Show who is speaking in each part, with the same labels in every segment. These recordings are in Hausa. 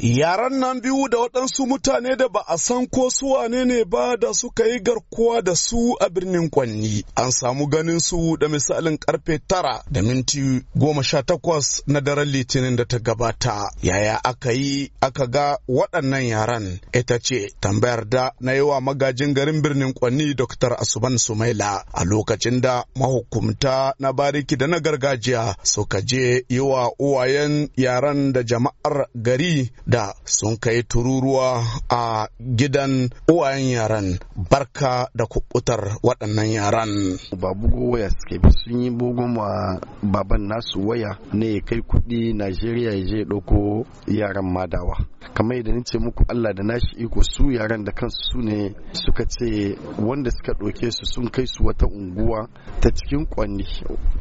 Speaker 1: Yaran nan biyu da waɗansu mutane da ba a san ko su wane ne ba da suka yi garkuwa da su a birnin Kwanni. An samu ganin su da misalin karfe tara da minti goma sha takwas na daren litinin da ta gabata. Yaya aka yi aka ga waɗannan yaran? Ita ce tambayar da na yi wa magajin garin birnin Kwanni Dr. Asuban Sumaila a lokacin da mahukumta na bariki da na gargajiya suka je yi wa uwayen yaran da jama'ar gari da sun kai tururuwa a gidan uwayen yaran barka
Speaker 2: da kubutar waɗannan yaran. Ba bugu waya suke bi sun yi bugun ma baban nasu waya ne ya kai kuɗi Najeriya ya je ɗauko yaran madawa. Kamar yadda nace muku Allah da nashi iko su yaran da kansu su ne suka ce wanda suka ɗauke su sun kai su wata unguwa ta cikin kwanni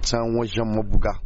Speaker 2: can wajen mabuga.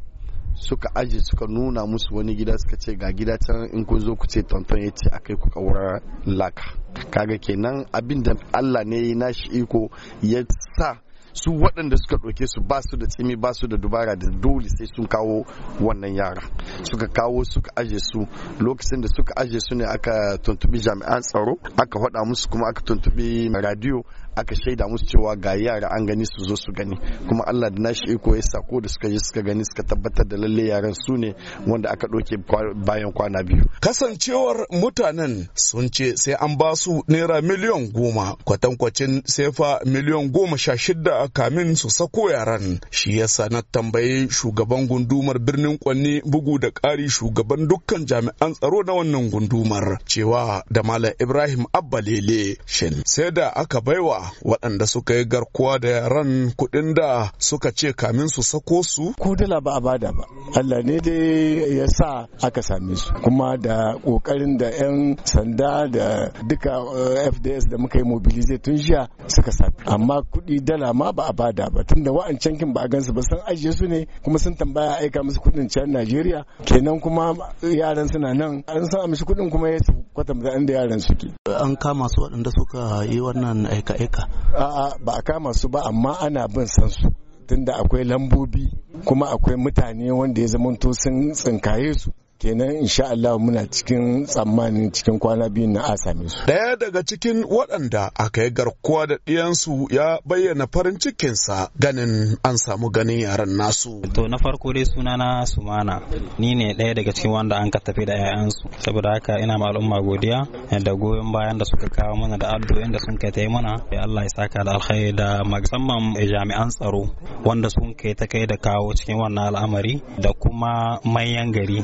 Speaker 2: suka aje suka nuna musu wani gida suka ce ga gida can in kun zo ku ce tonton ya ce akai ku kaura laka kaga kenan abin da Allah ne ya nashi iko ya sa su waɗanda suka ɗauke su ba su da tsimi ba su da dubara da dole sai sun kawo wannan yara suka kawo suka aje su lokacin da suka aje su ne aka tuntubi jami'an tsaro aka faɗa musu kuma aka tuntubi radiyo aka shaida musu cewa ga yara an gani su zo su gani kuma Allah da nashi iko ya sako da suka je suka gani suka tabbatar da lalle yaran su ne wanda aka ɗauke bayan kwana biyu kasancewar
Speaker 1: mutanen sun ce sai an ba su naira miliyan goma kwatankwacin sefa miliyan goma sha shida kamin su sako yaran shi yasa na tambayi shugaban gundumar birnin kwanni bugu da ƙari shugaban dukkan jami'an tsaro na wannan gundumar cewa da malam ibrahim abba lele shin sai da aka baiwa waɗanda suka yi garkuwa da yaran kuɗin da suka ce kamin su sako su. Ko dala
Speaker 3: ba a bada ba. Allah ne dai ya sa aka same su. Kuma da ƙoƙarin da 'yan sanda da duka eh, FDS da muka yi mobilize tun jiya suka sami. Amma kuɗi dala ma ba a bada ba. da wa'ancan kin ba a gansu ba sun ajiye su ne kuma sun tambaya aika musu kuɗin can Najeriya. Kenan kuma yaran suna nan an sa mishi kuɗin kuma ya kwatanta inda yaran suke. An kama su waɗanda suka yi wannan aika-aika haka a'a ba a kama su ba amma ana bin san su tunda akwai lambobi kuma akwai mutane wanda ya zamanto sun tsinkaye su kenan insha Allah muna cikin tsammanin cikin kwana biyu na a su.
Speaker 1: Daya daga cikin waɗanda aka yi garkuwa da ɗiyansu ya bayyana farin cikinsa ganin an samu ganin yaran nasu.
Speaker 4: To na farko dai suna na Sumana ni ne ɗaya daga cikin wanda an ka tafi da ƴaƴansu saboda haka ina ma al'umma godiya da goyon bayan da suka kawo mana da addu'o'in da sun kai ta yi mana ya Allah ya saka da alkhairi da musamman jami'an tsaro wanda sun kai ta kai da kawo cikin wannan al'amari da kuma manyan gari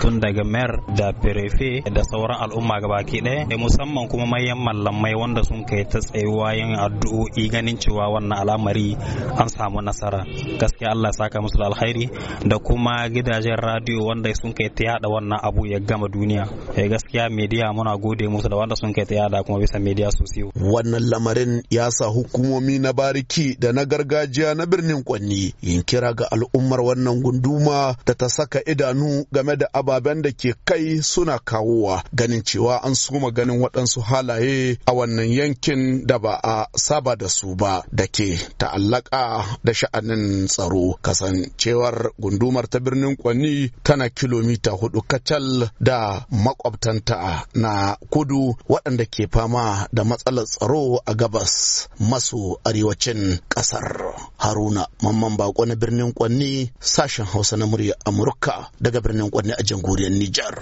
Speaker 4: tun daga mayor da perefe da sauran al'umma gabaki ɗaya da musamman kuma mayan mallamai wanda sun kai ta tsayuwa yin addu'o'i ganin cewa wannan al'amari an samu nasara gaskiya Allah ya saka musu da alkhairi da kuma gidajen radio wanda sun kai ta yada wannan abu ya gama duniya eh, gaskiya media muna gode musu da wanda sun kai ta yada kuma bisa media sosai wannan lamarin ya
Speaker 1: sa hukumomi na bariki da na gargajiya na birnin kwanni yin kira ga al'ummar wannan gunduma da ta saka idanu game da da ababen da ke kai suna kawowa ganin cewa an suma ganin waɗansu halaye a wannan yankin da ba a saba da su ba da ke ta'allaka da sha'anin tsaro kasancewar gundumar ta birnin kwanni tana kilomita hudu kacal da makwabtanta na kudu waɗanda ke fama da matsalar tsaro a gabas maso arewacin ƙasar haruna mamman bako na birnin kwanni sashen hausa na murya amurka daga birnin kwanni a jamhuriyar Nijar.